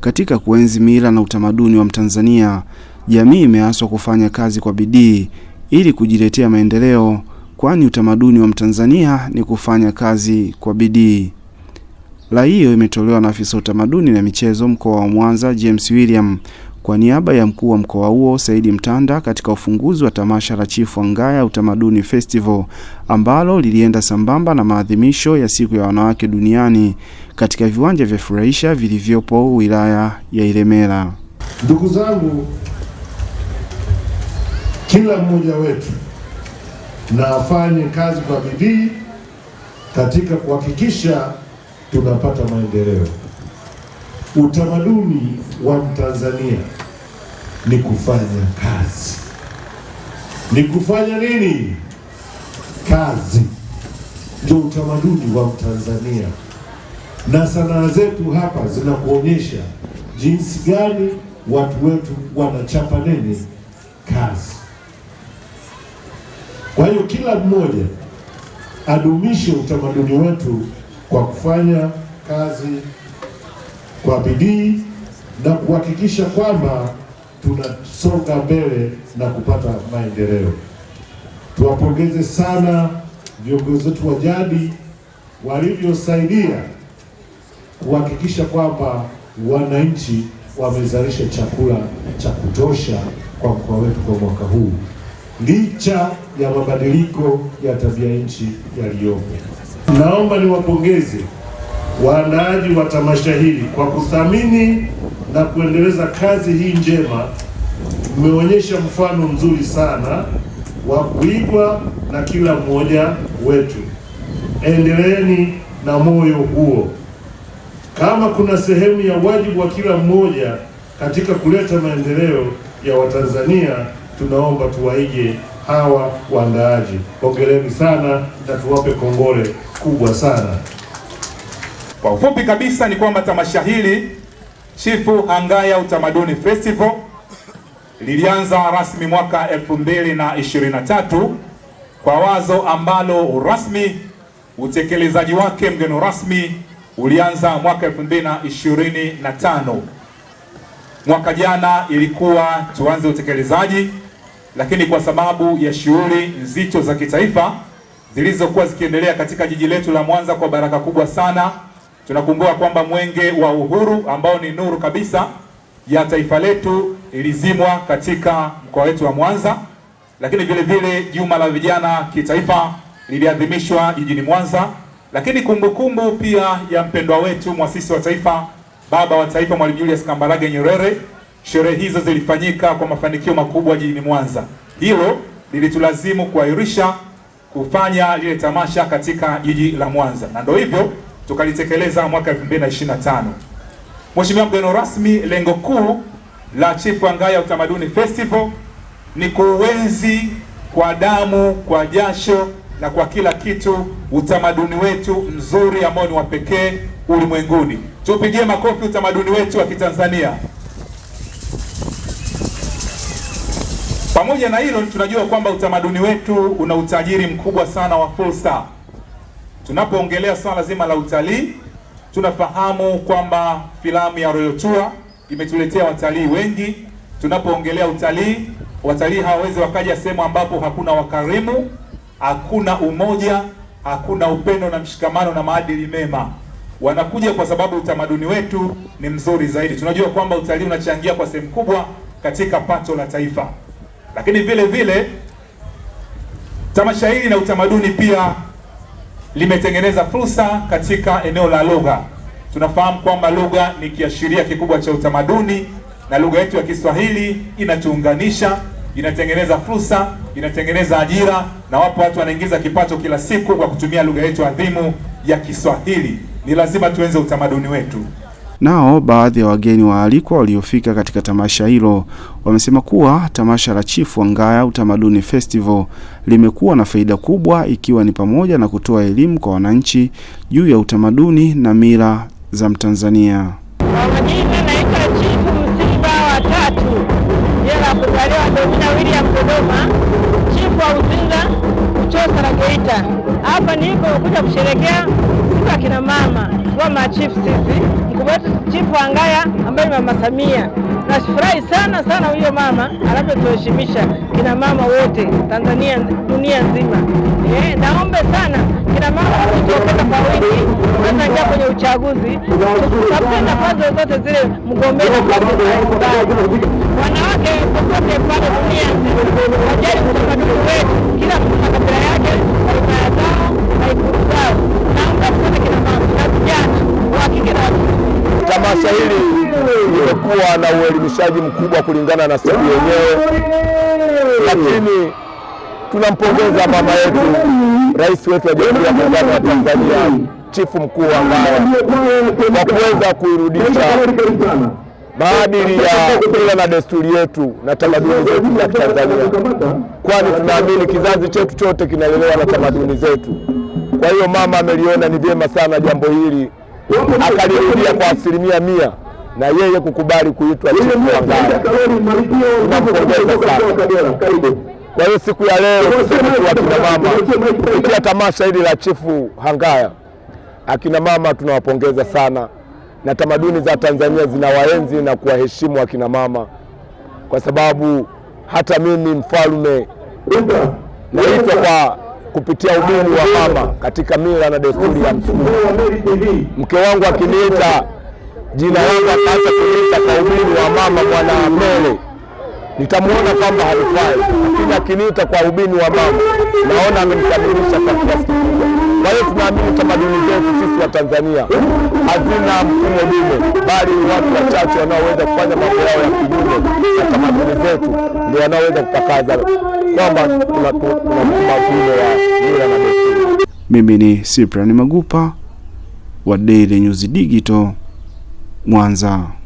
Katika kuenzi mila na utamaduni wa Mtanzania, jamii imeaswa kufanya kazi kwa bidii ili kujiletea maendeleo, kwani utamaduni wa Mtanzania ni kufanya kazi kwa bidii. Rai hiyo imetolewa na afisa utamaduni na michezo mkoa wa Mwanza James William kwa niaba ya mkuu wa mkoa huo Saidi Mtanda katika ufunguzi wa tamasha la Chifu Angaya Utamaduni Festival ambalo lilienda sambamba na maadhimisho ya siku ya wanawake duniani katika viwanja vya furahisha vilivyopo wilaya ya Ilemela. Ndugu zangu, kila mmoja wetu na afanye kazi kwa bidii katika kuhakikisha tunapata maendeleo. Utamaduni wa Mtanzania ni kufanya kazi. Ni kufanya nini? Kazi ndio utamaduni wa Mtanzania, na sanaa zetu hapa zinakuonyesha jinsi gani watu wetu wanachapa nini? Kazi. Kwa hiyo kila mmoja adumishe utamaduni wetu kwa kufanya kazi kwa bidii na kuhakikisha kwamba tunasonga mbele na kupata maendeleo. Tuwapongeze sana viongozi wetu wa jadi walivyosaidia kuhakikisha kwamba wananchi wamezalisha chakula cha kutosha kwa mkoa wetu kwa mwaka huu licha ya mabadiliko ya tabia nchi yaliyopo. Naomba niwapongeze waandaaji wa tamasha hili kwa kuthamini na kuendeleza kazi hii njema. Mmeonyesha mfano mzuri sana wa kuigwa na kila mmoja wetu. Endeleeni na moyo huo. Kama kuna sehemu ya wajibu wa kila mmoja katika kuleta maendeleo ya Watanzania, tunaomba tuwaige hawa waandaaji. Hongereni sana na tuwape kongole kubwa sana. Kwa ufupi kabisa ni kwamba tamasha hili Chifu Hangaya Utamaduni Festival lilianza rasmi mwaka 2023 kwa wazo ambalo rasmi utekelezaji wake mgeni rasmi ulianza mwaka 2025. Mwaka jana ilikuwa tuanze utekelezaji, lakini kwa sababu ya shughuli nzito za kitaifa zilizokuwa zikiendelea katika jiji letu la Mwanza kwa baraka kubwa sana Tunakumbuka kwamba mwenge wa uhuru ambao ni nuru kabisa ya taifa letu ilizimwa katika mkoa wetu wa Mwanza, lakini vile vile juma la vijana kitaifa liliadhimishwa jijini Mwanza, lakini kumbukumbu kumbu pia ya mpendwa wetu mwasisi wa taifa, baba wa taifa, Mwalimu Julius Kambarage Nyerere. Sherehe hizo zilifanyika kwa mafanikio makubwa jijini Mwanza. Hilo lilitulazimu kuahirisha kufanya lile tamasha katika jiji la Mwanza, na ndio hivyo tukalitekeleza mwaka 2025. Mheshimiwa mgeni rasmi, lengo kuu la Angaya Utamaduni Festival ni kuuenzi kwa damu, kwa jasho na kwa kila kitu utamaduni wetu mzuri ambao ni wa pekee ulimwenguni. Tupigie makofi utamaduni wetu wa Kitanzania. Pamoja na hilo, tunajua kwamba utamaduni wetu una utajiri mkubwa sana wa fursa Tunapoongelea swala zima la utalii, tunafahamu kwamba filamu ya Royal Tour imetuletea watalii wengi. Tunapoongelea utalii, watalii hawawezi wakaja sehemu ambapo hakuna wakarimu, hakuna umoja, hakuna upendo na mshikamano na maadili mema. Wanakuja kwa sababu utamaduni wetu ni mzuri zaidi. Tunajua kwamba utalii unachangia kwa sehemu kubwa katika pato la taifa, lakini vile vile tamasha hili na utamaduni pia limetengeneza fursa katika eneo la lugha. Tunafahamu kwamba lugha ni kiashiria kikubwa cha utamaduni na lugha yetu ya Kiswahili inatuunganisha, inatengeneza fursa, inatengeneza ajira, na wapo watu wanaingiza kipato kila siku kwa kutumia lugha yetu adhimu ya Kiswahili. Ni lazima tuenze utamaduni wetu. Nao baadhi ya wageni waalikwa waliofika katika tamasha hilo wamesema kuwa tamasha la Chifu Wangaya Utamaduni Festival limekuwa na faida kubwa ikiwa ni pamoja na kutoa elimu kwa wananchi juu ya utamaduni na mila za Mtanzania. Majina naitwa Chifu Msimba watatu jela kuzaliwa Domina William Dodoma, chifu wa Uzinga Uchosa na Geita. Hapa niko kuja kusherekea siku ya kina mama wa machifu sisi ndugu wetu Chifu angaya ambaye ni Mama Samia. Nafurahi sana sana huyo mama anavyotuheshimisha kina mama wote Tanzania, dunia nzima. E, naombe sana kina mama waliojitokeza kwa wingi kuchangia kwenye uchaguzi, tutafute nafasi zozote zile, mgombee nafasi mbalimbali. Wanawake popote pale dunia nzima wajali utamaduni wetu, kila mtu na kabila yake na wilaya zao na zao. Naomba sana kina mama na vijana wa kike na Tamasha hili limekuwa na uelimishaji mkubwa kulingana na stadi yenyewe, lakini tunampongeza mama yetu rais wetu wa Jamhuri ya Muungano wa Tanzania chifu mkuu wa Ngara kwa kuweza kuirudisha maadili ya kila na desturi yetu na tamaduni zetu za Kitanzania, kwani tunaamini kizazi chetu chote kinalelewa na tamaduni zetu. Kwa hiyo mama ameliona ni vyema sana jambo hili akalirudia kwa asilimia mia na yeye kukubali kuitwa Kwa hiyo siku ya leo sisi akina mama kupitia tamasha hili la Chifu Hangaya, akina mama tunawapongeza sana, na tamaduni za Tanzania zinawaenzi na kuwaheshimu akina mama, kwa sababu hata mimi mfalme naitwa kwa kupitia ubini wa mama katika mila na desturi ya Msukuma. Mke wangu akiniita jina langu akaanza kuniita kwa ubini wa mama mwana mele, nitamwona kwamba halifai, lakini akiniita kwa ubini wa mama naona amemkamilisha kwa kiasi kikubwa. Kwa hiyo tunaamini tamaduni zetu sisi wa Tanzania hazina mfumo dume, bali watu wachache wanaoweza kufanya mambo yao ya kinyume na tamaduni zetu ndio wanaoweza kutakaza kwamba kuna mavuno ya mila na desturi. Mimi ni Cyprian Magupa wa Daily News Digital Mwanza.